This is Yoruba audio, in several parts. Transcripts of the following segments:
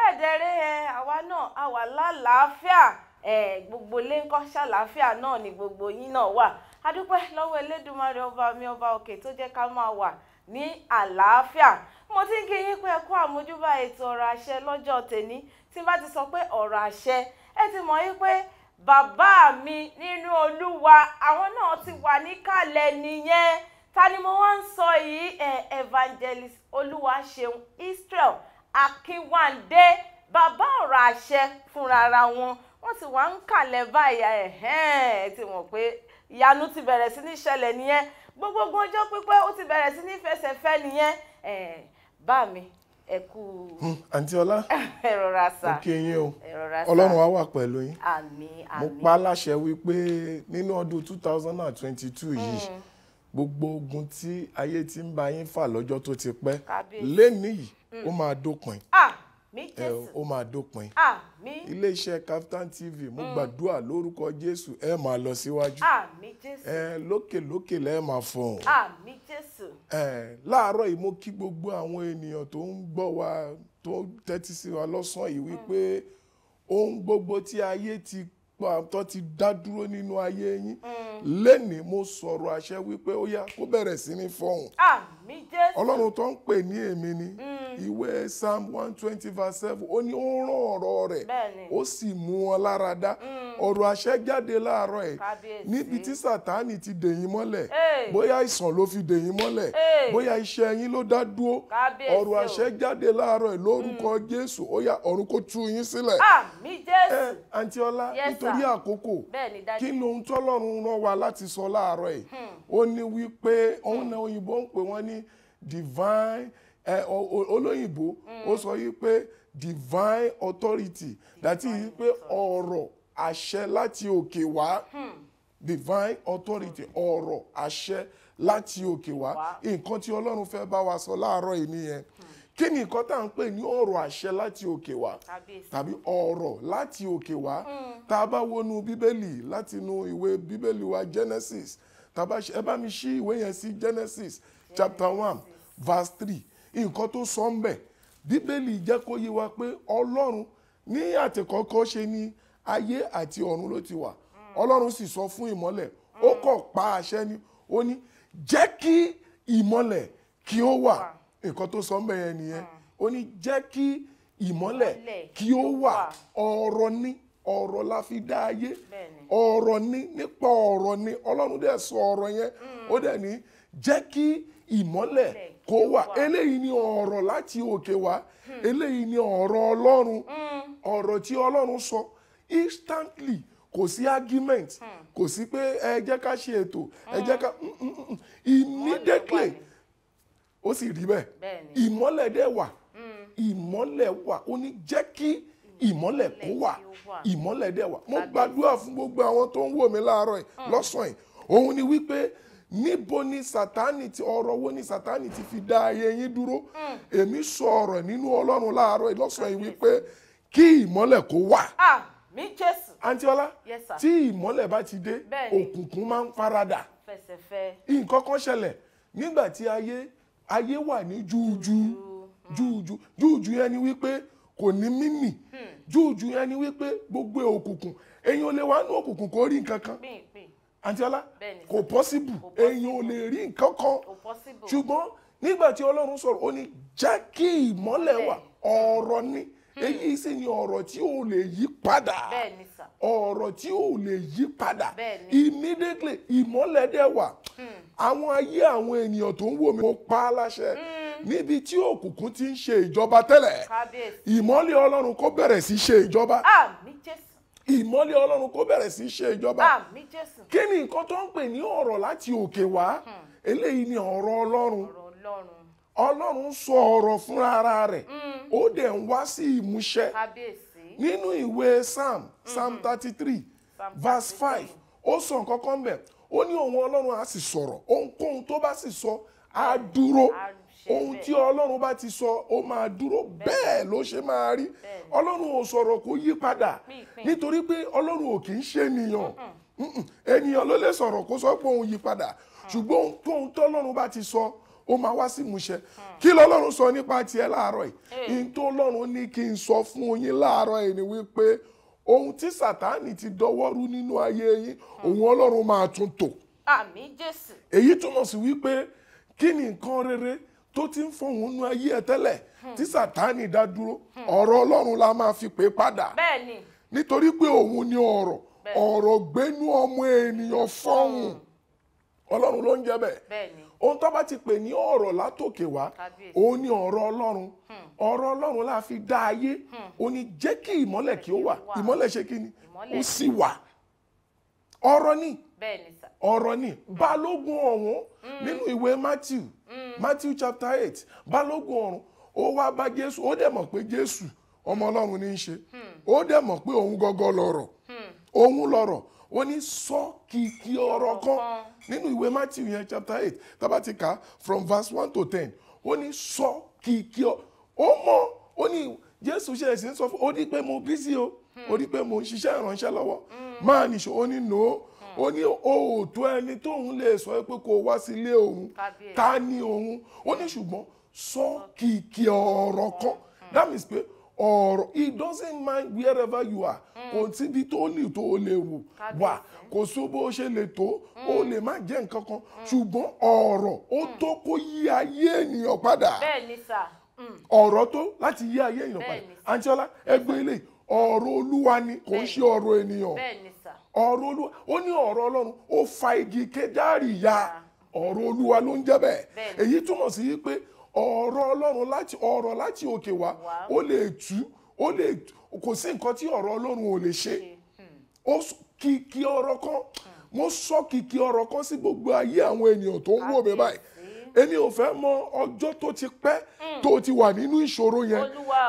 bẹ́ẹ̀ dẹ̀rẹ́ ẹ àwa náà a wà lálàáfíà ẹ gbogbo lẹ́ńkọ́ ṣàlàáfíà náà ni gbogbo yín náà wà a lọ́wọ́ Elédùmarè ọba mi ọba òkè tó jẹ́ ká máa wà ní àlàáfíà mo ti ń kí yín pé ẹ àmójúbà ètò ọ̀rọ̀ àṣẹ lọ́jọ́ tèmi bá ti sọ pé ọ̀rọ̀ àṣẹ ẹ ti mọ̀ yín pé bàbá mi nínú Olúwa àwọn náà ti wà níkàlẹ̀ nìyẹn ta ni mo wá ń sọ yìí ẹ evangelist Israel akínwándé bàbá ọ̀rọ̀ àṣẹ fúnra wọn wọ́n ti wá ń kàlẹ̀ báyìí ẹ̀hẹ́n ti wọ̀n pé ìyanu ti bẹ̀rẹ̀ sí ní ṣẹlẹ̀ nìyẹn gbogbogbò ọjọ́ pípẹ́ ó ti bẹ̀rẹ̀ sí ní fẹsẹ̀fẹ́ nìyẹn bá mi ẹ kú. Hmm, àǹtí ọlá ẹ rọra òkè yín o ọlọ́run á wà pẹ̀lú yín mo pa láṣẹ wípé nínú ọdún two yìí hmm. gbogbo ogun tí ayé ti ń bá yín fà lọ́jọ́ tó ti pẹ́ lẹ́nìí Mm. ó máa dópin ah, ó máa dópin ah, iléeṣẹ́ Kaftan TV mo mm. gbàdúrà lórúkọ Jésù ẹ máa lọ síwájú ah, ẹ lókèlókè lẹ máa fọhùn láàárọ̀ yìí mo kí gbogbo àwọn ènìyàn tó ń gbọ́ wa tó tẹ́tí sí wa lọ́sàn yìí wípé mm. ohun gbogbo tí ayé ti tó ti dá dúró nínú ayé yín lẹ́nìí mo sọ̀rọ̀ àṣẹ wípé ó yá kó bẹ̀rẹ̀ sí ní fọhùn ọlọ́run tó ń pè ní èmi ni. Mm ìwé psalm one twenty verse seven ó ní ó rán ọ̀rọ̀ rẹ̀ ó sì mú wọn lára dá mm. ọ̀rọ̀ àṣẹ jáde láàárọ̀ ẹ̀ níbi tí sátánì ti dèyìn mọ́lẹ̀ bóyá ìsàn ló fi dèyìn mọ́lẹ̀ bóyá iṣẹ́ yín ló dá dúró ọ̀rọ̀ àṣẹ jáde láàárọ̀ ẹ̀ lórúkọ mm. jésù ó yá ọ̀run kó tú yín sílẹ̀. àmì jésù ẹ eh, àǹtí ọlá nítorí àkókò kí ni ohun tọ́lọ́run rán wa láti sọ láàárọ̀ ẹ̀ hmm. ó ní wípé òun hmm. náà òyìnbó ń pè wọ́n ní divine olóyìnbó ó sọ yìí pé divine authority that is pé ọ̀rọ̀ àṣẹ láti òkè wá hmm. divine authority hmm. ọ̀rọ̀ àṣẹ láti òkè wá nǹkan tí ọlọ́run fẹ́ bá wa sọ láàárọ̀ yìí nìyẹn hmm. kí ni nǹkan tá à ń pè ní ọ̀rọ̀ àṣẹ láti òkè wá tàbí ọ̀rọ̀ láti òkè wá tá a bá wọnú bíbélì láti inú ìwé bíbélì wa genesis tá a ẹ bá mi ṣí ìwé yẹn sí genesis chapter one verse three nǹkan tó sọ ń bẹ̀ bíbélì jẹ́ kó yé wa pé ọlọ́run ní àtìkọ́kọ́ ṣe ni ayé àti ọ̀run ló ti wà ọlọ́run sì sọ fún ìmọ́lẹ̀ ó kọ̀ pa àṣẹ ni ó ní jẹ́ kí ìmọ́lẹ̀ kí ó wà nǹkan tó sọ ń bẹ̀ yẹn nìyẹn ó ní jẹ́ kí ìmọ́lẹ̀ kí ó wà ọ̀rọ̀ ni ọ̀rọ̀ la fi dá ayé ọ̀rọ̀ ni nípa ọ̀rọ̀ ni ọlọ́run dẹ̀ sọ ọ̀rọ̀ yẹn mm. ó dẹ̀ ní jẹ́ kí ìmọ́lẹ̀ kó wà eléyìí ni ọ̀rọ̀ láti òkè wá hmm. eléyìí ni ọ̀rọ̀ ọlọ́run hmm. ọ̀rọ̀ tí ọlọ́run sọ instantly kò sí argument hmm. kò sí pé ẹ jẹ́ ká ṣe ètò ẹ jẹ́ ká immediately ó sì rí bẹ́ẹ̀ ìmọ́lẹ̀ dẹ̀ wà ìmọ́lẹ̀ wà ó ní jẹ́ kí ìmọ́lẹ̀ kó wà ìmọ́lẹ̀ dẹ̀ wà mo gbàdúrà fún gbogbo àwọn tó ń wò mí láàárọ̀ yìí lọ́sàn-án yìí òun ni wípé níbo ni sátánì ti ọ̀rọ̀ wo ni sátánì ti fi dá ayé yín dúró hmm. èmi sọ ọ̀rọ̀ nínú ọlọ́run láàárọ̀ ìlọ́sàn yìí wípé kí ìmọ́lẹ̀ kó wà. Ah, mi jésù. antiola tí ìmọ́lẹ̀ bá ti dé òkùnkùn máa ń faradà nǹkan kan ṣẹlẹ̀ nígbà tí ayé ayé wà ní júújú júújú hmm. júújú yẹn ni wípé kò ní mímì hmm. júújú yẹn ni wípé gbogbo òkùnkùn èyí ò lè wá ní òkùnkùn kó rí nǹkan kan àǹtíọ́lá kò pọ́síbù èèyàn ò lè rí nǹkan kan ṣùgbọ́n nígbà tí ọlọ́run sọ̀rọ̀ ó ní jẹ́ kí ìmọ́lẹ̀ wà ọ̀rọ̀ ni hmm. èyí sì ni ọ̀rọ̀ tí ò lè yí padà ọ̀rọ̀ tí ò lè yí padà immediately ìmọ́lẹ̀ dẹ̀ wà hmm. àwọn ayé àwọn ènìyàn tó ń wò mí mo pa á láṣẹ hmm. níbi tí òkùnkùn ti ń ṣe ìjọba tẹ́lẹ̀ ìmọ́lẹ̀ ọlọ́run kó bẹ̀rẹ̀ sí ṣe ìjọba ìmọ́lẹ̀ ọlọ́run kó bẹ̀rẹ̀ sí í ṣe ìjọba kí ni nǹkan tó ń pè ní ọ̀rọ̀ láti òkè wá hmm. eléyìí ni ọ̀rọ̀ ọlọ́run ọlọ́run sọ ọ̀rọ̀ fúnra ara rẹ̀ hmm. ó dẹ̀ ń wá sí ìmúṣẹ nínú ìwé psalm psalm hmm. thirty three verse five ó sọ nǹkan kan bẹ̀ ó ní òun ọlọ́run á sì sọ̀rọ̀ ohunkóhun tó bá sì sọ á dúró ohun tí ọlọ́run bá ti sọ ó máa dúró bẹ́ẹ̀ ló ṣe máa rí ọlọ́run ò sọ̀rọ̀ kó yí padà nítorí pé ọlọ́run ò kì í ṣe ènìyàn ènìyàn ló lè sọ̀rọ̀ kó sọ pé òun yí padà mm. ṣùgbọ́n ohun tí ọlọ́run bá ti sọ ó máa wá sí ìmúṣẹ mm. kí lọ́lọ́run sọ nípa tiẹ̀ láàárọ̀ yìí ní tó ọlọ́run ní kí n sọ fún yín láàárọ̀ yìí ni wípé ohun tí sàtáànì ti dọwọ́rú nínú ayé yín òun mm. ọlọ́run máa tún tò. àmín jésù. èyí túmọ̀ sí wípé kí ni nǹkan rere tó ti ń fọ̀hún nú ayé ẹ tẹ́lẹ̀ hmm. tí sàtáni dá ọ̀rọ̀ ọlọ́run la máa fi pè padà nítorí pé òun ni ọ̀rọ̀ ọ̀rọ̀ gbénú ọmọ ènìyàn fọ́hùn hmm. ọlọ́run ló ń jẹ́ bẹ́ẹ̀ ohun tó bá ti pè ní ọ̀rọ̀ látòkè wá òun ni ọ̀rọ̀ ọlọ́run hmm. ọ̀rọ̀ ọlọ́run la fi dá ayé òun ni jẹ́ kí ìmọ́lẹ̀ kí ó wà ìmọ́lẹ̀ ṣe kí ni ó sì wà ọ̀rọ̀ ni. bẹ́ẹ̀ ọ̀rọ̀ ni balógun ọ̀hún mm. nínú ìwé Matthew mm. Matthew chapter eight balógun ọ̀rún ó wá bá Jésù ó dẹ̀ mọ̀ pé Jésù ọmọ Ọlọ́run ní í ṣe mm. ó dẹ̀ mọ̀ pé òun gọ́gọ́ lọ̀rọ̀ òun lọ̀rọ̀ ó ní sọ kìkì ọ̀rọ̀ kan nínú ìwé Matthew yẹn chapter eight tá ti kà from verse one to ten ó ní sọ kìkì ọ̀rọ̀ ó mọ̀ ó ní Jésù ṣe ẹ̀sìn sọ fún ó ní pé mo bísí o ó ní pé mo ń ṣiṣẹ́ ìránṣẹ́ lọ́wọ́ máa nìṣó ó ní nòó ó ní òòtú ẹni tóun lè sọ pé kó wá sílé òun ta ni òun ó ní ṣùgbọ́n sọ kìkì ọ̀rọ̀ kan mm. that means pé ọ̀rọ̀ it doesn't mind wherever you are mm. kò síbi tó lè tó o lè wò wà kò sí bó ṣe lè tó o mm. lè má jẹ́ nǹkan kan ṣùgbọ́n ọ̀rọ̀ ó tó kó yí ayé ènìyàn padà ni sà ọ̀rọ̀ tó láti yí ayé ènìyàn padà Antiola ẹgbẹ́ ilé ọ̀rọ̀ olúwa ni kò ń ṣe ọ̀rọ̀ ènìyàn ọ̀rọ̀ olúwa ó ní ọ̀rọ̀ ọlọ́run ó fa igi kédárì ya ọ̀rọ̀ olúwa ló ń jẹ́ bẹ́ẹ̀ èyí túmọ̀ sí pé ọ̀rọ̀ ọlọ́run láti ọ̀rọ̀ láti òkè wá ó lè tú ó lè kò sí nǹkan tí ọ̀rọ̀ ọlọ́run ò lè ṣe hmm. ó kìkì ọ̀rọ̀ kan hmm. mo sọ kìkì ọ̀rọ̀ kan sí gbogbo ayé àwọn ènìyàn tó ń wò mí báyìí èmi ò fẹ́ mọ ọjọ́ tó ti pẹ́ hmm. tó ti wà nínú ìṣòro yẹn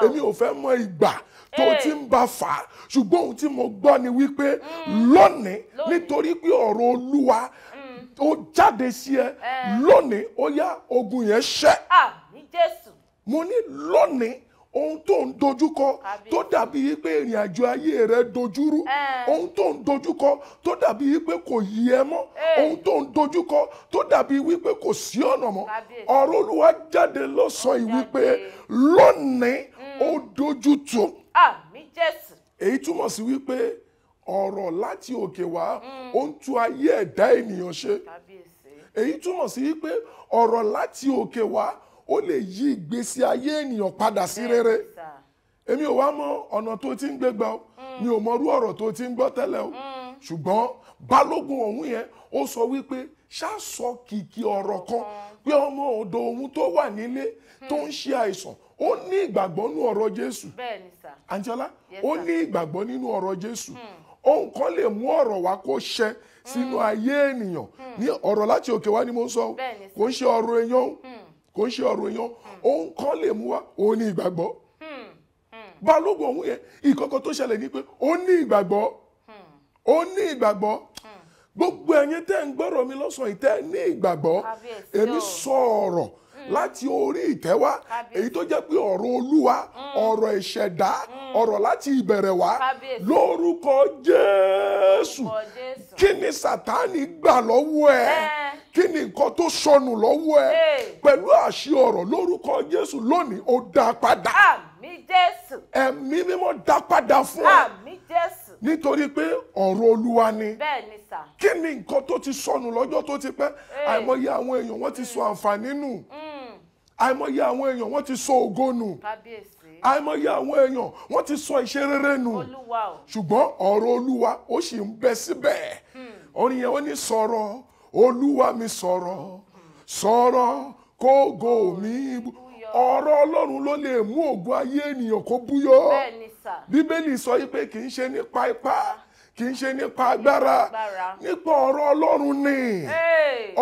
èmi ò fẹ́ mọ ìgbà tó eh. ti ń bá fà á ṣùgbọ́n ohun tí mo gbọ́ ni wípé hmm. lónìí nítorí pé ọ̀rọ̀ olúwa hmm. ó jáde sí ẹ eh. lónìí ó yá ogun yẹn ṣẹ́ ah, mo ní lónìí ohun tó ń dojúkọ tó dàbí pé ìrìn àjò ayé rẹ dojúrú ohun tó ń dojúkọ tó dàbí pé kò yí ẹ mọ́ ohun tó ń dojúkọ tó dàbí wípé kò sí ọ̀nà mọ́ ọ̀rọ̀ olúwa jáde lọ́sàn-án yìí wípé lónìí ó mm. dojú tó. àmín jésù. èyí túmọ̀ sí wípé ọ̀rọ̀ láti òkè wá mm. ó ń tú ayé ẹ̀dá ènìyàn ṣe èyí túmọ̀ sí wípé ọ̀rọ̀ láti òkè wá ó lè yí ìgbésí ayé ènìyàn padà sí rere èmi ò wá mọ ọ̀nà tó ti ń gbé gbà ó mm. mi ò mọrú ọ̀rọ̀ tó ti ń gbọ́ tẹ́lẹ̀ o mm. ṣùgbọ́n balógun ọ̀hún yẹn ó sọ wípé ṣáàsọ kìkì ọ̀rọ̀ kan mm. pé ọmọ ọ̀dọ̀ òun tó wà nílé tó ń ṣe àìsàn ó ní ìgbàgbọ́ nínú ọ̀rọ̀ jésù Anjola ó ní ìgbàgbọ́ nínú ọ̀rọ̀ jésù ohun kan lè mú ọ̀rọ̀ wá kó ṣẹ sínú ayé ènìyàn ní ọ̀rọ̀ láti òkè wá ni mo sọ kò ń ṣe ọ̀rọ̀ èèyàn kò ń ṣe ọ̀rọ̀ èèyàn òun kọ́ lè mú wa òun ní ìgbàgbọ́ balógun ọ̀hún yẹn ìkọ̀kọ̀ tó ṣẹlẹ̀ ní pé ó ní ìgbàgbọ́ ó ní ìgbàgbọ́ gbogbo ẹ̀yin tẹ́ ń gbọ́rọ̀ mi lọ́sàn-án ìtẹ́ ní ìgbàgbọ́ èmi sọ ọ̀rọ̀ láti orí ìtẹ́ wá èyí tó jẹ́ pé ọ̀rọ̀ olúwa ọ̀rọ̀ ìṣẹ̀dá hmm. ọ̀rọ̀ láti ìbẹ̀rẹ̀ wá lórúkọ jésù kí ni sátánì gbà lọ́wọ́ ẹ̀ kí ni nǹkan tó sọnù lọ́wọ́ ẹ pẹ̀lú àṣì ọ̀rọ̀ lórúkọ Jésù lónìí ó dá padà. àmì Jésù. ẹ̀mí mímọ́ dá padà fún ẹ. àmì Jésù. nítorí pé ọ̀rọ̀ Olúwa ni. bẹ́ẹ̀ni sà. kí ni nǹkan tó ti sọnù lọ́jọ́ tó ti pẹ́ àìmọye àwọn èèyàn wọ́n ti sọ mm. àǹfààní nù mm. àìmọye àwọn èèyàn wọ́n ti sọ ògo nù àìmọye àwọn èèyàn wọ́n ti sọ iṣẹ́ rere nù ṣùgbọ́n ọ̀rọ̀ Olúwa ó sì ń bẹ síbẹ̀ hmm. orin yẹn ó ní sọ̀rọ̀ olúwa mi sọ̀rọ̀ sọ̀rọ̀ kógo mi ọ̀rọ̀ ọlọ́run ló lè mú ògo ayé ènìyàn kó búyọ bíbélì sọ pé kì í ṣe nípa ipá kì í ṣe nípa agbára nípa ọ̀rọ̀ ọlọ́run ni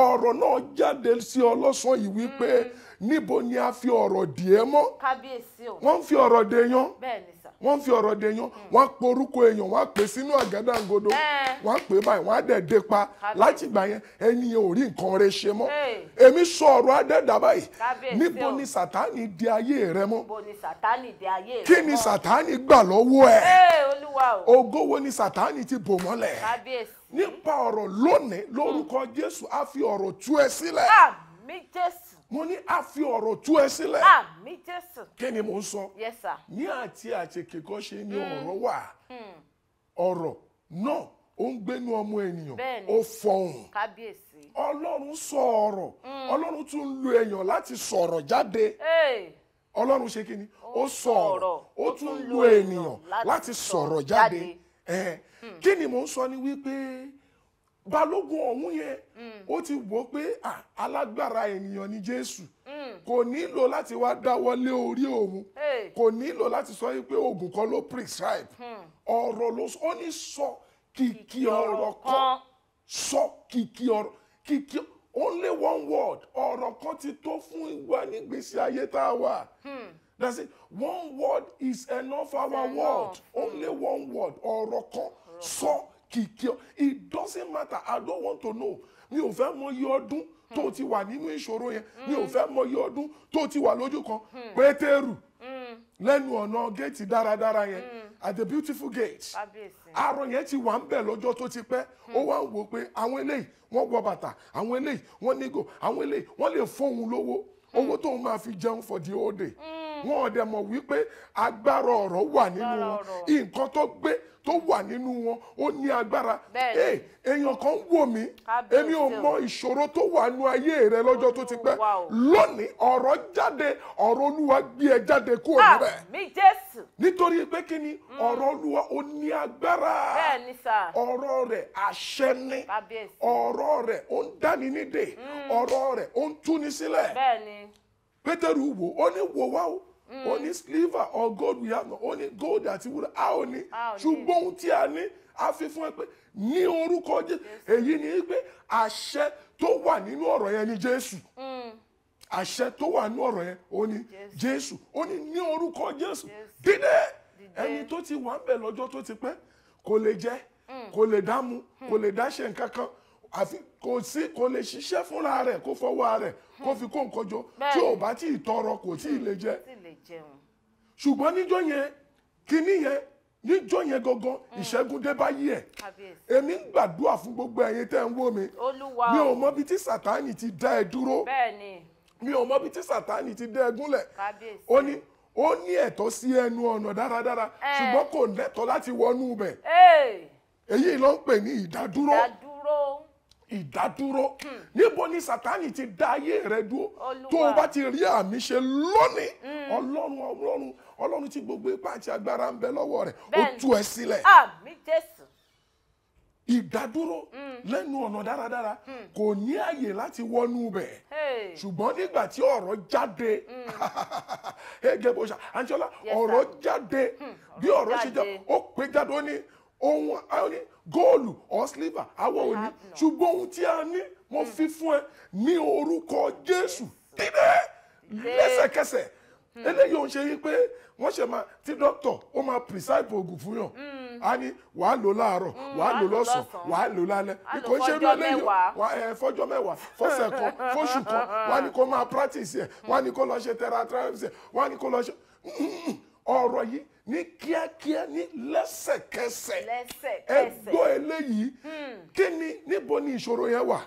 ọ̀rọ̀ náà jáde sí ọlọ́sàn yìí wípé hmm. níbo ni a fi ọ̀rọ̀ dìé mọ́ wọ́n ń fi ọ̀rọ̀ dèèyàn wọ́n fi ọ̀rọ̀ de yan wọ́n pe orúkọ èèyàn wọ́n pè sínú àgádágodo eh. wọ́n pè báyìí wọ́n á dẹ̀ dé pa láti ìgbà yẹn ẹni yẹn ò rí nǹkan rẹ ṣe mọ́ eh. èmi sọ ọ̀rọ̀ adẹ́dà báyìí níbo ni sàtánì di ayé rẹ mọ́ kí ni sàtánì gbà lọ́wọ́ ẹ̀ eh, ògo wo ni sàtánì ti bò mọ́lẹ̀ nípa ọ̀rọ̀ lónìí lórúkọ Jésù á fi ọ̀rọ̀ tú ẹ sílẹ̀ mo ní a fi ọ̀rọ̀ tú ẹ sílẹ̀. àmì jésù. kí ni mò ń sọ. yes sir. ní àti àtẹkẹ́kọ́ ṣe ni hmm. ọ̀rọ̀ wà hmm. ọ̀rọ̀ náà ó ń gbénu ọmọ ènìyàn ó fọhùn kábíyèsí ọlọ́run sọ ọ̀rọ̀ hmm. ọlọ́run tún ń lo èèyàn láti sọ̀rọ̀ jáde ọlọ́run ṣe kíni ó sọ ọ̀rọ̀ ó tún ń lo ènìyàn láti sọ̀rọ̀ jáde kí ni mò ń sọ ni wípé balógun ọ̀hún yẹn mm. ó ti wò ó pé alágbára ènìyàn ni jésù mm. kò nílò láti wá dáwọ́lé orí òun kò nílò láti sọ pé oògùn kan ló prescribe hmm. ọ̀rọ̀ ló ó ní sọ kìkì ọ̀rọ̀ kan sọ kìkì ọ̀rọ̀ kìkì only one word ọ̀rọ̀ kan ti tó fún ìwà nígbésí ayé tá a wà. Hmm. That's it. One word is enough our word. Only one word ọ̀rọ̀ kan sọ. So, kìkì it doesn't matter i don't want to know mi ò fẹ́ mọ iye ọdún tó ti wà nínú ìṣòro yẹn mi ò fẹ́ mọ iye ọdún tó ti wà lójú kan hmm. pétérù hmm. lẹ́nu ọ̀nà géètì dáradára yẹn hmm. at the beautiful gate arọ yẹn ti wà ń bẹ̀ lọ́jọ́ tó ti pẹ́ ó wá ń wò pé àwọn eléyìí wọ́n gbọ́ bàtà àwọn eléyìí wọ́n nígò àwọn eléyìí wọ́n lè fóun lówó owó tóun máa fi jẹun for the whole day. Mm wọn ò dẹ̀ mọ̀ wípé agbára ọ̀rọ̀ wà nínú wọn nǹkan tó gbé tó wà nínú wọn ó ní agbára eh, èèyàn kan ń wò mí èmi ò mọ ìṣòro tó wà nínú ayé rẹ lọ́jọ́ tó ti pẹ́ lónìí ọ̀rọ̀ jáde ọ̀rọ̀ olúwa gbé ẹ jáde kúrò ah, níbẹ̀ nítorí pé kí ni mm. ọ̀rọ̀ olúwa ó ní agbára ọ̀rọ̀ rẹ̀ àṣẹ ni ọ̀rọ̀ rẹ̀ ó ń dáni nídè mm. ọ̀rọ̀ rẹ̀ ó ń túni sílẹ̀ pétérù wò ó ní wò wá o ó ní silver or gold we have no ó ní gold àti wúrà a ò ní ṣùgbọ́n ohun tí a ní a fi fún ẹ pé ní orúkọ jésù èyí ni pé àṣẹ tó wà nínú ọ̀rọ̀ yẹn ni jésù mm. àṣẹ tó wà nínú ọ̀rọ̀ yẹn ó ní jésù ó ní ní orúkọ jésù dídé ẹni tó ti wà ń bẹ̀ lọ́jọ́ tó ti pẹ́ kò lè jẹ mm. kò lè dámu hmm. kò lè dáṣe nǹkan kan àfi kò sí kò lè ṣiṣẹ́ fúnra rẹ̀ kó fọwọ́ rẹ̀ kó fi kó nǹkan jọ tí ò bá tí ì tọrọ kò tí ì lè jẹ ṣùgbọ́n níjọ́ yẹn kíní yẹn níjọ́ yẹn gangan mm. ìṣẹ́gun dé bá yí ẹ̀ èmi ń gbàdúrà fún gbogbo ẹ̀yin tẹ́ ń wò mí mi ò mọ bí tí sàtáànì ti dá ẹ dúró mi ò mọ bí tí sàtáànì ti dá ẹ gúnlẹ̀ ó ní ó ní ẹ̀tọ́ sí ẹnu ọ̀nà dáradára eh. ṣùgbọ́n kò lẹ́tọ̀ọ́ láti wọnú ibẹ̀ eh. èyí ló ń pè ní ìdádúró ìdádúró hmm. níbo ni sátánì ti dá ayé rẹ dúró tó o bá ti rí àmì ṣe lónìí hmm. ọlọ́run ọlọ́run ọlọ́run ti gbogbo ipá àti agbára ń bẹ lọ́wọ́ rẹ̀ ó tú ẹ sílẹ̀ ìdádúró hmm. lẹ́nu ọ̀nà dáradára kò ní àyè láti wọnú bẹ̀ ṣùgbọ́n nígbà tí ọ̀rọ̀ jáde ege bó ṣá Anjola ọ̀rọ̀ jáde bí ọ̀rọ̀ ṣe jẹ́ ó pé jáde ó ní ohun góòlù or silver àwa ò ní ṣùgbọ́n ohun tí a ní mo fi mm. fún ẹ ní orúkọ jésù dídé lẹ́sẹ̀kẹsẹ̀ mm. eléyìí òun ṣe yí pé wọ́n ṣe máa tí dókítà ó máa prescribe oògùn fún yàn mm. a ní wàá lò láàárọ̀ wàá lò lọ́sàn-án wàá lò lálẹ́ kò ń ṣe bí eléyìí wàá ẹ fọ́jọ́ mẹ́wàá fọ́sẹ̀ kan fóṣù kan wàá ní kó máa practice ẹ̀ wàá ní kó lọ ṣe tẹratẹ́rẹ́sì wàá ní kó lọ ṣe ọ̀rọ̀ yìí ní kíákíá ní lẹ́sẹ̀kẹsẹ̀ ẹ gbọ́ eléyìí hmm. kí ni níbo ni ìṣòro yẹn wà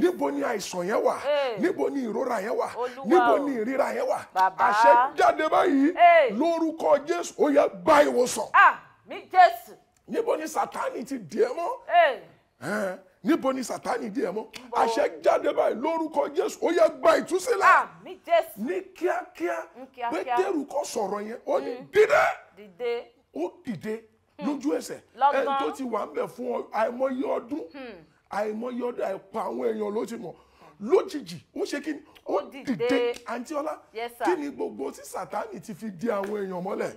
níbo ni àìsàn yẹn wà níbo ni ìrora yẹn wà níbo ni ìríra yẹn wà àṣẹ jáde báyìí lórúkọ Jésù ó yẹ bá ìwòsàn ah, níbo ni Sátánì ti dìé mọ́ níbo ni sátánì di ẹ mọ́ àṣẹ jáde báyìí lórúkọ jésù ó yẹ gba ìtúsílẹ̀ ní kíákíá pétérù kọ sọ̀rọ̀ yẹn ó ní hmm. dídé ó dìde hmm. lójú ẹsẹ̀ ẹni tó ti wà ń bẹ fún àìmọye ọdún hmm. àìmọye ọdún àìpa àwọn èèyàn ló ti mọ̀ lójijì ó ṣe kí ni ó dìde àǹtíọ́lá kí ni gbogbo tí sátánì ti fi di àwọn èèyàn mọ́lẹ̀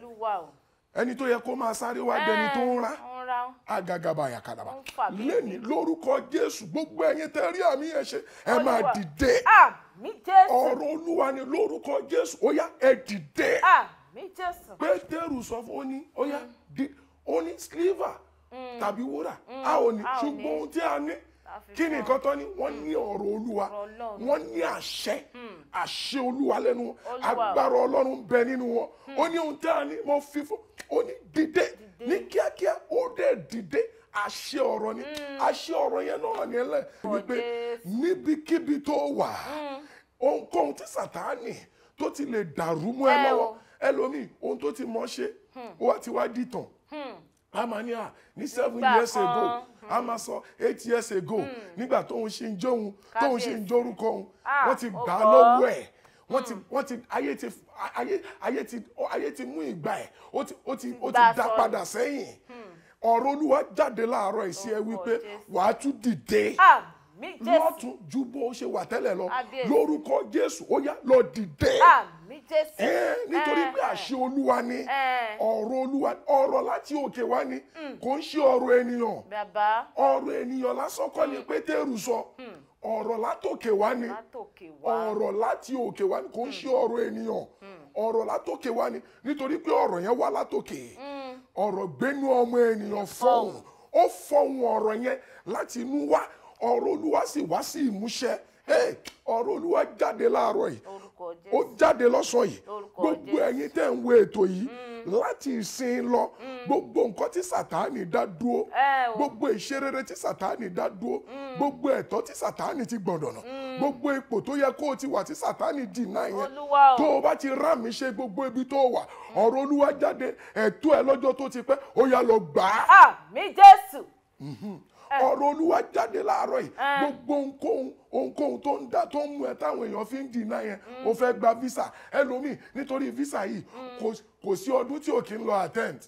ẹni tó yẹ kó máa sáré wá eh, dẹni tó ń rá agagaba àyàkàdàbà lẹ́ni lórúkọ jésù gbogbo ẹ̀yin tẹ́ rí àmì ẹ̀ ṣe ẹ máa dìde ọ̀rọ̀ olúwa ni lórúkọ jésù ó yá ẹ dìde pétérù sọ fún ó ní ó yá mm. ó ní silver mm. tàbí wúrà mm. a ò ní ṣùgbọ́n ohun tí a ní kí ni nǹkan tó ní wọ́n ní ọ̀rọ̀ olúwa wọ́n ní àṣẹ àṣẹ olúwa lẹ́nu agbára ọlọ́run bẹ nínú wọn ó ní ohun tí a ní mo fi fún ó ní ní kíákíá ó dẹ̀ dìde àṣẹ ọ̀rọ̀ ni àṣẹ mm. ọ̀rọ̀ yẹn náà ní ẹlẹ́ oh, wípé níbikíbi tó wà mm. ohunkóhun tí sàtáànì tó ti lè dàrú mọ́ ẹ lọ́wọ́ ẹlòmíì ohun tó ti mọ̀ ṣe hmm. ó wá ti wá dìtàn hmm. a máa ní à ní seven years ago a hmm. máa sọ eight years ago nígbà tóun ṣe ń jóun tóun ṣe ń jórúkọ òun ah, wọ́n ti gbà á lọ́wọ́ ẹ̀ wọ́n ti ayé ti ayé ayé ti ayé ti mú ìgbà ẹ̀ ó ti ó ti ó ti dá padà sẹ́yìn hmm. ọ̀rọ̀ olúwa jáde láàárọ̀ ìsí ẹ wípé wàá tún dìde lọ́tún ju bó ṣe wà tẹ́lẹ̀ lọ lórúkọ jésù ó yá lọ dìde nítorí pé àṣẹ olúwa ni ọ̀rọ̀ olúwa ọ̀rọ̀ láti òkè wá ni hmm. kò ń ṣe ọ̀rọ̀ ènìyàn ọ̀rọ̀ ènìyàn lásán kọ́ ni hmm. pétérù sọ ọ̀rọ̀ látòkè wá ni ọ̀rọ̀ láti òkè wá ni kò ń hmm. ṣe ọ̀rọ̀ ènìyàn hmm. ọ̀rọ̀ látòkè wá ni nítorí pé ọ̀rọ̀ yẹn wá látòkè hmm. ọ̀rọ̀ gbénú ọmọ ènìyàn fọhùn ó fọhùn ọ̀rọ̀ yẹn láti inú wá ọ̀rọ̀ olúwa sì wá sí ìmúṣẹ ọ̀rọ̀ olúwa jáde láàárọ̀ yìí ó jáde lọ́sàn yìí gbogbo ẹ̀yin tẹ́ ń wo ètò yìí láti ìsìn lọ mm. gbogbo nǹkan tí sàtáànì dá dúró gbogbo ìṣerere tí sàtáànì dá dúró mm. gbogbo ẹ̀tọ́ tí sàtáànì ti gbọ̀dọ̀nà mm. gbogbo ipò tó yẹ kó o ti wà tí sàtáànì dìnnà yẹn tó o bá ti rà mí ṣe gbogbo ibi tó o wà ọ̀rọ̀ olúwa jáde ẹ̀tọ́ ẹ lọ́jọ́ tó ti pẹ́ ó yá lọ gbà á. mi jésù. Mhm. Ah. ọ̀rọ̀ olúwa jáde láàárọ̀ yìí ah. gbogbo ohunkóhun ohunkóhun tó ń dá tó ń mú ẹ táwọn èèyàn fi ń dìnnà yẹn o mm. fẹ́ gba visa ẹlòmíì nítorí visa yìí mm. kò sí ọdún tí ò kí ń lọ attend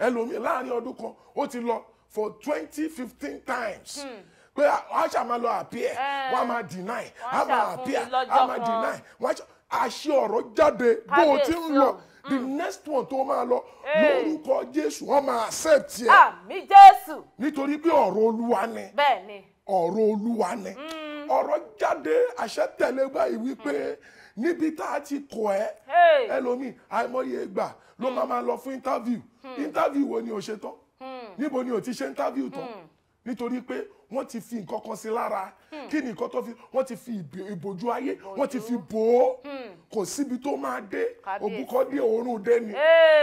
ẹlòmíì láàrin ọdún kan ó ti lọ for twenty fifteen times. Hmm pé wọ́n ṣà máa lọ appear eh. wọ́n máa deny wọ́n máa appear wọ́n máa deny wọ́n ṣà àṣẹ ọ̀rọ̀ jáde bó o ti ń lọ the mm. next one tó máa lọ lórúkọ jésù wọn máa accept yẹ. àmì jésù. nítorí pé ọ̀rọ̀ olúwa ni. bẹ́ẹ̀ ni. ọ̀rọ̀ olúwa ni. Mm. ọ̀rọ̀ jáde àṣẹ tẹ̀lé báyìí wípé mm. níbi tá a ti kọ ẹ ẹlòmíì àìmọye ìgbà ló máa máa lọ fún interview interview wo ni o ṣe tán níbo ni o ti ṣe interview tán nítorí pé wọ́n ti fi nǹkan kan sí lára hmm. kí ni nǹkan tó fi wọ́n ti fi ìbòjú ayé wọ́n ti fi bò ó hmm. kò síbi tó máa dé òbúkọ́dé òórùn dé ni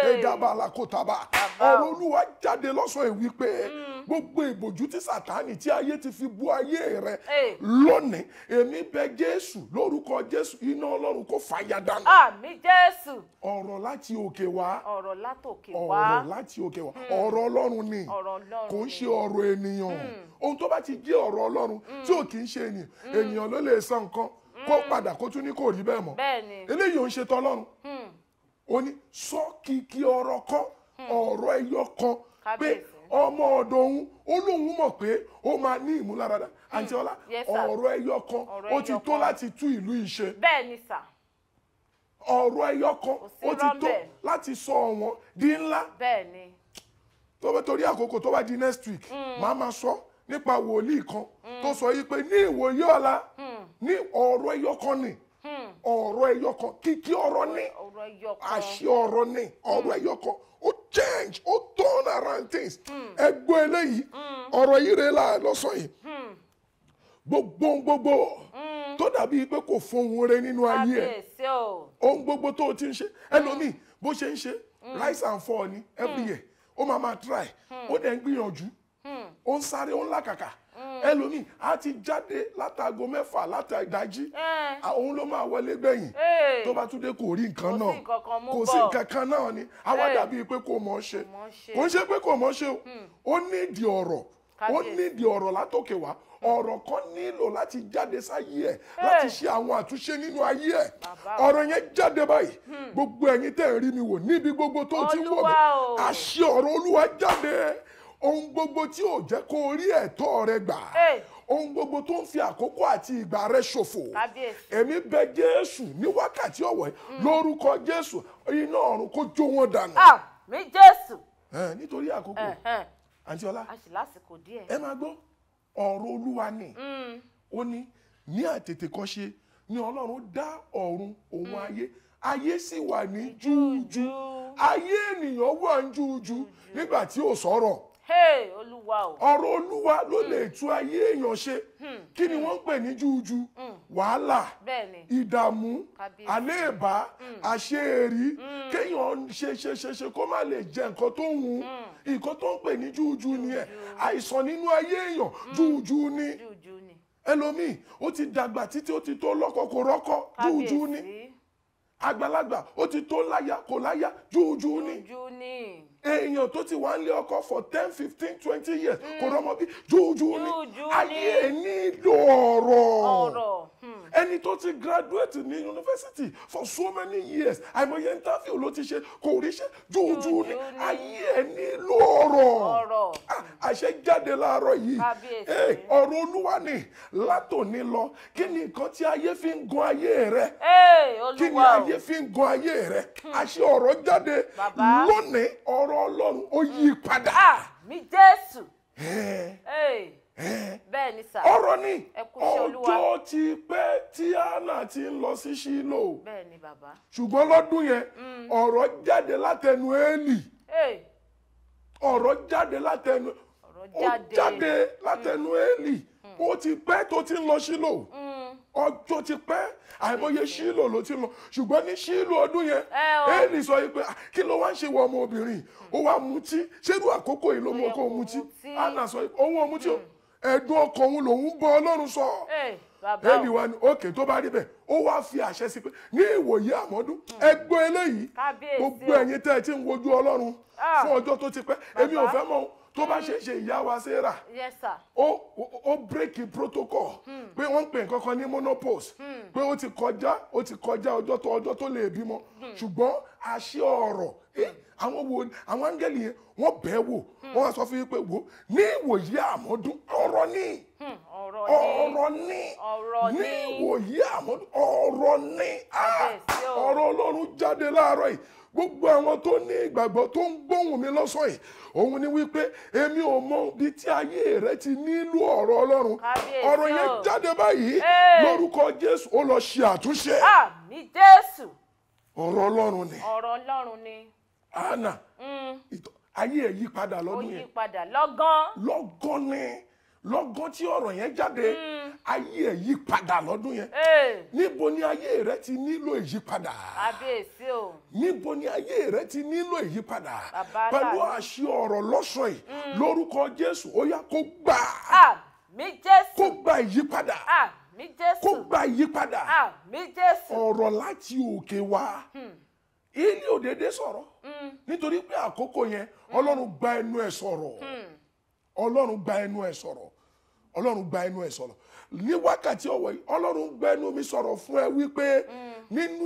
ẹ̀dàbà làkòtàbà ọ̀rọ̀ olúwa jáde lọ́sọ̀ọ́ ìwí pé hmm. gbogbo ìbòjú tí sàtánì tí ayé ti fi bò ayé rẹ lónìí èmi bẹ jésù lórúkọ jésù iná ọlọ́run kó fàyà dànù. àmín jésù. ọ̀rọ̀ láti òkè wá. ọ̀rọ̀ látòkè wá. ọ̀rọ̀ láti òkè wá ọ̀rọ̀ ọlọ́run ni kò ń ṣe ọ̀rọ̀ ènìyàn ohun tó bá bá ti jẹ́ ọ̀rọ̀ ọlọ́run tí ò kì í ṣe ènìyàn mm. ènìyàn ló lè san nǹkan kó mm. padà kó tún ní kò rí bẹ́ẹ̀ mọ́ eléyìí ò ń ṣe tọ́lọ́run hmm. ó ní sọ kìkì ọ̀rọ̀ kan hmm. ọ̀rọ̀ ẹyọ kan pé ọmọ ọ̀dọ̀ òun ó lóun mọ̀ pé ó máa ní ìmúláradá hmm. àti ọlá ọ̀rọ̀ ẹyọ kan ó ti tó láti tú ìlú ìṣe. ọ̀rọ̀ ẹyọ kan ó ti tó láti sọ ọ̀wọ́n di ńlá tó bá torí àkókò tó bá di next week màá máa sọ. So nípa wòlíì kan hmm. tó sọ yìí pé ní ìwòye ọ̀la hmm. ní ọ̀rọ̀ ẹyọ kan ni hmm. ọ̀rọ̀ ẹyọ kan kíkí ọ̀rọ̀ ni àṣì ọ̀rọ̀ ni ọ̀rọ̀ ẹyọ kan ó change ó turn around things ẹgbẹ́ eléyìí ọ̀rọ̀ yìí rẹ̀ láà lọ́sọ̀ yìí gbogbo gbogbo tó dàbí pé kò fohùn rẹ̀ nínú ayé ẹ̀ ohun gbogbo tó o ti ń ṣe ẹlòmíì bó ṣe ń ṣe rise and fall ni every year ó máa máa try ó dẹ̀ ń gbìyànjú ó ń sáré ó ń làkàkà ẹlòmíì á ti jáde látago mẹ́fà láta ìdájí òun eh. ló máa wọlé gbẹ̀yìn eh. tó bá tún dé kò rí nǹkan náà kò sí nǹkan náà ni àwa eh. dàbí pé kò mọ̀ ọ́ ṣe kò ń ṣe pé kò mọ̀ ọ́ ṣe hmm. ó nídìí ọ̀rọ̀ ó nídìí ọ̀rọ̀ látòkè wá hmm. ọ̀rọ̀ kan nílò láti jáde sáyé ẹ̀ láti ṣe àwọn àtúnṣe nínú ayé ẹ̀ ọ̀rọ̀ yẹn jáde báyìí hmm. gbogbo ẹ̀yin tẹ̀ ń rí mi wò níbi gbogbo tó ti wò mí àṣẹ ọ̀rọ̀ olúwa jáde ohun gbogbo tí ò jẹ́ kó rí ẹ̀tọ́ rẹ gbà ohun gbogbo tó ń fi àkókò àti ìgbà rẹ ṣòfò èmi bẹ̀ jésù ní wákàtí ọ̀wọ̀ yìí mm. lórúkọ jésù iná ọ̀run kó jó wọn dànù. ah mi jésù. nítorí àkókò àǹtí ọlá ẹ máa gbọ́ ọ̀rọ̀ olúwa ni mm. ó ní ní àtètèkọ́ṣe ni ọlọ́run dá ọ̀run òun mm. ayé ayé sì wà ní júùjú ayé ènìyàn wà ní júùjú nígbà tí ò sọ̀rọ̀ ọ̀rọ̀ olúwa ló lè hmm. tú ayé èèyàn ṣe hmm. kí ni hmm. wọ́n ń pè ní jújú wàhálà ìdààmú àléèbá àṣeèrí kéèyàn ṣe ṣe ṣe ṣe kó má lè jẹ nǹkan tó ń hun nǹkan tó ń pè ní jújú ni ẹ̀ àìsàn nínú ayé èèyàn jújú ni ẹlòmíì ó ti dàgbà títí ó ti tó lọ́kọ kò rọ́kọ Juju ni àgbàlagbà ó ti tó láya kò láya jújú ni èèyàn tó ti wà ń lé ọkọ for ten fifteen twenty years kò hmm. rọmọ bí jújú ni ayé nílò ọ̀rọ̀ hmm ẹni tó ti graduate ní university for so many years àìmọye interview ló ti ṣe kò ríṣẹ́ jòjò ní ayé ẹ̀ nílò ọ̀rọ̀ ah, àṣẹ jáde láàárọ̀ yìí eh, ọ̀rọ̀ olúwa ni látòní lọ kí ni nǹkan tí ayé fi ń gun ayé rẹ eh, kí ni ayé fi ń gun ayé rẹ hmm. àṣẹ ọ̀rọ̀ jáde lónìí ọ̀rọ̀ ọlọ́run ó yí padà. Ah, mi jésù. Eh bẹ́ẹ̀ ni sà ọ̀rọ̀ ni ọjọ́ ti pẹ́ tí anna ti ń lọ sí ṣílò bẹ́ẹ̀ ni bàbá ṣùgbọ́n lọ́dún yẹn mm. ọ̀rọ̀ jáde látẹnu Élì ọ̀rọ̀ jáde látẹnu ó jáde mm. látẹnu Élì mm. ó ti pẹ́ tó ti ń lọ ṣílò ọjọ́ ti pẹ́ àìmọye ṣílò ló ti lọ ṣùgbọ́n ní ṣílò ọdún yẹn Élì sọ yìí pé ah, kí ló wá ń ṣe wọ ọmọ obìnrin ó wá mutí ṣerú àkókò yìí ló mú ọkọ mutí anna sọ yìí òun ò mutí o ẹ̀dùn ọkàn òun lòun bọ ọlọ́run sọ eh, ẹnì wa ni òkè tó bá rí bẹ́ẹ̀ ó wá fi àṣẹ sí pé ní ìwòye àmọ́dún ẹgbẹ́ eléyìí gbogbo ẹ̀yin tẹ́ ẹ ti ń wojú ọlọ́run ah. fún ọjọ́ tó ti pẹ́ èmi ò fẹ́ mọ̀ tó bá hmm. ṣe ṣe ìyá wa Sarah yes sir ó ó break protocol hmm. pé wọ́n ń pè nǹkan kan ní monopause hmm. pé ó ti kọjá ó ti kọjá ọjọ́ tó ọjọ́ tó lè bímọ ṣùgbọ́n àṣẹ ọ̀rọ̀ eh, àwọn wo àwọn áńgẹ́lì yẹn wọ́n bẹ́ẹ̀ wò wọ́n wá sọ fún yín pé wò ní ìwòye àmọ́dún hmm, ọ̀rọ̀ ni ọ̀rọ̀ ni ní ìwòye àmọ́dún ọ̀rọ̀ ni ah, ọ̀rọ̀ Ọlọ́run jáde láàárọ̀ yìí gbogbo àwọn tó ní ìgbàgbọ́ tó ń gbóhùn mi lọ́sọ̀ yìí òun ni wípé èmi ò mọ ibi tí ayé rẹ ti nílò ọ̀rọ̀ Ọlọ́run ọ̀rọ̀ yẹn jáde báyìí lórúkọ Jésù ó lọ ṣe àtúnṣe. àmì Jésù. ọ̀rọ̀ Ọlọ́run ni. ọ̀rọ̀ Ọlọ́run ni. Ana, mm. ayé ẹ̀ yí padà lọ́dún yẹn ó yí padà lọ́gán lọ́gán ni lọ́gán tí ọ̀rọ̀ yẹn jáde mm. ayé ẹ̀ yí padà lọ́dún yẹn níbo ni ayé rẹ ti nílò ìyípadà abíyèsí o níbo ni ayé rẹ ti nílò ìyípadà pẹ̀lú àṣì ọ̀rọ̀ lọ́sàn yìí mm. lórúkọ Jésù ó yá kó gbà àmín Jésù kó gbà ìyípadà àmín Jésù kó gbà ìyípadà àmín Jésù ọ̀rọ̀ láti òkè wá hmm. ilé òdèdè sọ̀rọ̀ nítorí pé àkókò yẹn hmm. ọlọ́run gba ẹnu ẹ̀ sọ̀rọ̀ ọlọ́run gba ẹnu ẹ̀ sọ̀rọ̀ ọlọ́run gba ẹnu ẹ̀ sọ̀rọ̀ ní wákàtí ọ̀wọ̀ yìí ọlọ́run gbẹ́nu mi sọ̀rọ̀ fún ẹ wípé nínú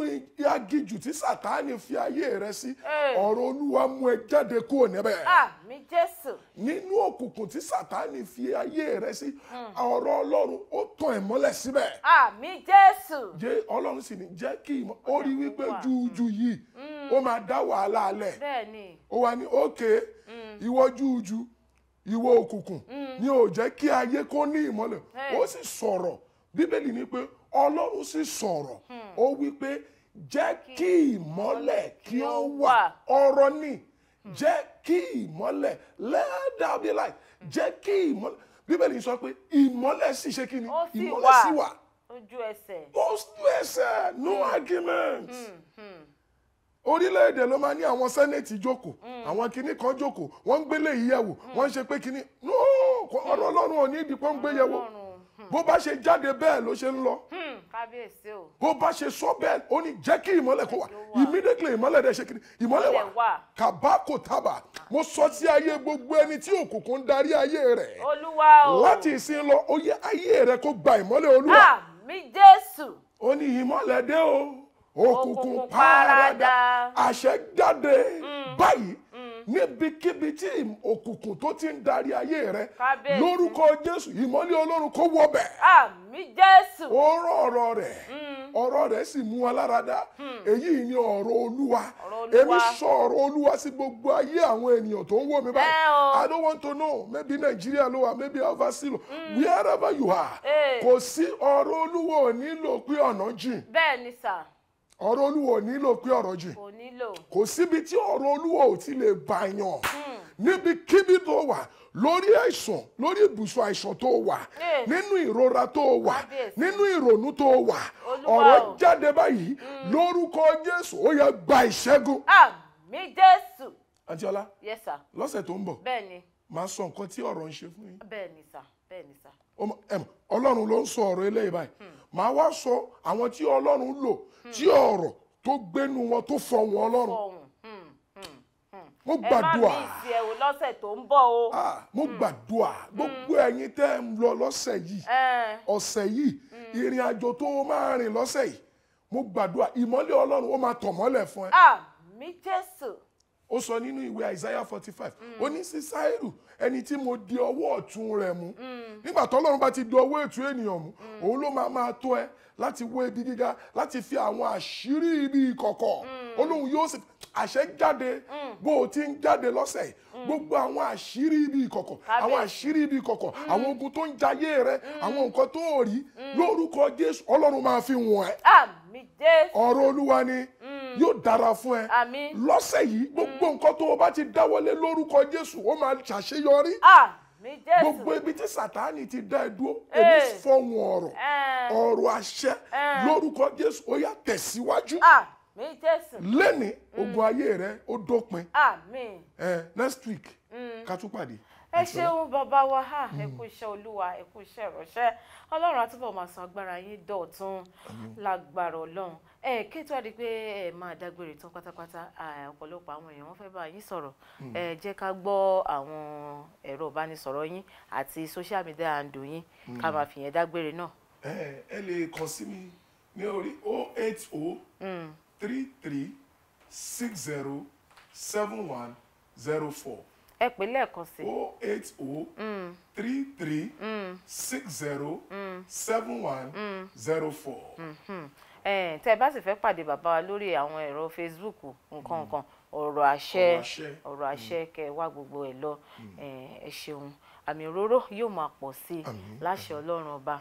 agijù tí sàtáàni fi ayé rẹ sí hmm. ọ̀rọ̀ olúwa mú ẹ jáde kúrò níbẹ̀. àmì jésù. nínú òkùnkùn tí sàtáàni fi ayé rẹ sí hmm. ọ̀rọ̀ ọlọ́run ó tàn ẹ̀ mọ́lẹ̀ síbẹ̀. àmì jésù. jẹ́ ọlọ́run sì ní jẹ́ kí ìmọ̀ ó rí wípé juuju yìí hmm. ó máa dá wàhálà alẹ̀. bẹ́ẹ̀ ó wà ní òkè ìwọ juuju ìwọ òkùnkùn mm. ni ò jẹ́ kí ayé kó ní ìmọ́lẹ̀ ó sì sọ̀rọ̀ bíbélì ni pé ọlọ́run sì sọ̀rọ̀ hmm. ó wí pé jẹ́ kí ìmọ́lẹ̀ kí ó wà ọ̀rọ̀ ni hmm. jẹ́ kí ìmọ́lẹ̀ let there be light hmm. jẹ́ kí ìmọ́lẹ̀ bíbélì sọ pé ìmọ́lẹ̀ sì ṣe kí ni ìmọ́lẹ̀ sì wà ojú ẹsẹ̀ no argument. Mm, mm orílẹ̀-èdè ló máa ní àwọn sẹ́nẹ̀tì jókòó mm. àwọn kinní kan jókòó wọ́n ń gbélé ìyẹ̀wò mm. wọ́n ń ṣe pé kinní no ọ̀rọ̀ hmm. ọlọ́run ò ní ìdìpọ̀ ń gbé yẹ̀wò hmm. bó bá ṣe jáde bẹ́ẹ̀ ló ṣe ń lọ hmm, bó bá ṣe sọ bẹ́ẹ̀ ó ní jẹ́ kí ìmọ́lẹ̀ kó wà immediately ìmọ́lẹ̀ dẹ̀ ṣe kinní ìmọ́lẹ̀ wà kàbákò tábà mo sọ sí ayé gbogbo ẹni tí òkùnkùn ń darí ayé rẹ̀ láti ìsìn lọ ó yẹ ayé rẹ̀ kó gba ìmọ́lẹ̀ olúwa. ó ní ìmọ́lẹ̀ dé o. òkùnkùn pàràdà àṣẹ jáde mm. báyìí mm. níbikíbi tí òkùnkùn tó ti ń darí ayé rẹ lórúkọ jésù ìmọ́lẹ̀ ọlọ́run kó wọ bẹ̀. jésù. ó mm. ọ̀rọ̀ rẹ̀ sì mú wa èyí ni ọ̀rọ̀ olúwa èmi sọ ọ̀rọ̀ olúwa gbogbo ayé àwọn ènìyàn to know maybe nigeria ló wà maybe wherever you are eh. kò sí ọ̀rọ̀ olúwa ò pé ọ̀nà ọ̀rọ̀ olúwo nílò pé ọ̀rọ̀ jù kò síbi tí ọ̀rọ̀ olúwo ò ti lè bàyàn hmm. níbikíbi tó wà lórí àìsàn lórí ibùsùn àìsàn tó wà nínú ìrora tó wà nínú ìrònú tó wà ọ̀rọ̀ jáde báyìí hmm. lórúkọ jésù ó yẹ gba ìṣẹ́gun. àmì jésù. àjọlá yes sir lọ́sẹ̀ tó ń bọ̀ bẹ́ẹ̀ni máa sọ nǹkan tí ọ̀rọ̀ ń ṣe fún yín. bẹ́ẹ̀ni sà ọlọ́run ló ń sọ ọ̀rọ̀ eléyìí báyìí hmm màá wá sọ àwọn tí ọlọ́run lò tí ọ̀rọ̀ tó gbénu wọn tó fọ wọn ọlọ́run hmm, hmm, hmm. mo gbàdúà lọ́sẹ̀ tó ń o. Ah, mo gbàdúà gbogbo ẹ̀yin tẹ́ ń lọ lọ́sẹ̀ yìí ọ̀sẹ̀ yìí ìrìn àjò tó máa rìn lọ́sẹ̀ yìí mo gbàdúà ìmọ́lẹ̀ ọlọ́run ó máa tọ̀ mọ́lẹ̀ fún ẹ. ó sọ nínú ìwé àìsáyà forty five ó ní sí sáírù ẹni tí mo di ọwọ́ ọ̀tún rẹ̀ mú mm. nígbà tọ́lọ́run bá ti di ọwọ́ ètò ènìyàn mú mm. òun ló máa máa tó ẹ láti wó ibi gíga láti fi àwọn àṣírí ibi ìkọ̀kọ̀ olóhùn mm. yóò sì àṣẹ jáde bó o ti ń jáde lọ́sẹ̀ gbogbo àwọn àṣírí ibi ìkọ̀kọ̀ àwọn àṣírí ibi ìkọ̀kọ̀ àwọn ogun tó ń jayé rẹ àwọn nǹkan tó rí lórúkọ Jésù Ọlọ́run máa fi wọ̀n ẹ́ ọ̀rọ̀ Olúwa ni yóò dára fún ẹ lọ́sẹ̀ yìí gbogbo mm. nǹkan tó o bá ti dáwọ́lé lórúkọ Jésù ó máa ṣàṣeyọrí gbogbo ibi tí Sátánì ti dá ẹ dúró eh. èmi fọwọn ọ̀rọ̀ eh. ọ̀rọ̀ àṣẹ eh. lórúkọ Jésù ó yá tẹ̀síwájú lẹ́ni mm. ogun ayé rẹ ó dópin next week mm. ká ẹ ṣeun bàbá wa ẹ kú iṣẹ́ olúwa ẹ kú iṣẹ́ ìránṣẹ́ Ọlọ́run àtúbọ̀ máa san agbára yín dọ̀tun lágbára Ọlọ́run ẹ kéètò àdí pé ẹ máa dágbére tán pátápátá ọ̀pọ̀lọpọ̀ àwọn èèyàn wọ́n fẹ́ bá yín sọ̀rọ̀ hmm. ẹ jẹ́ ká gbọ́ àwọn ẹ̀rọ ìbánisọ̀rọ̀ yín àti social media handle yín ká hmm. máa fi yẹn dágbére náà. ẹ ẹ lè kàn sí mi ní orí oh eight oh three three six zero seven one zero four ẹ pè lẹ́ẹ̀kan sí. o oh eight o oh three three hmm. six zero seven one zero four tẹ́ ẹ bá sì fẹ́ pàdé bàbá wa lórí àwọn ẹ̀rọ Facebook nǹkan nǹkan mm. ọ̀rọ̀ àṣẹ ọ̀rọ̀ mm. àṣẹ kẹ wá gbogbo ẹ̀ lọ mm. ẹ ṣeun àmì òróró yóò máa pọ̀ sí i láṣẹ ọlọ́run ọba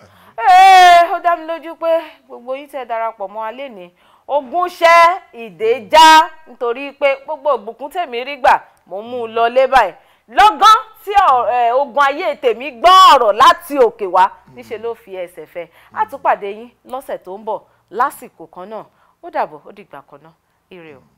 ó dá mi lójú pé gbogbo yín tẹ́ darapọ̀ mọ́ alẹ́ ní ogúnṣẹ́ ìdèjà nítorí pé gbogbo ògbùnkún tèmi rí gbà mo mú un lọ lé báyìí lọ́gán tí ogun ayé tèmi gbọ́ ọ̀rọ̀ láti òkè wá níṣẹ́ ló fi ẹsẹ̀ fẹ́ a yín lọ́sẹ̀ tó ń bọ̀ lásìkò kan náà ó dàbọ̀ ó dìgbà kan náà ire o. Mm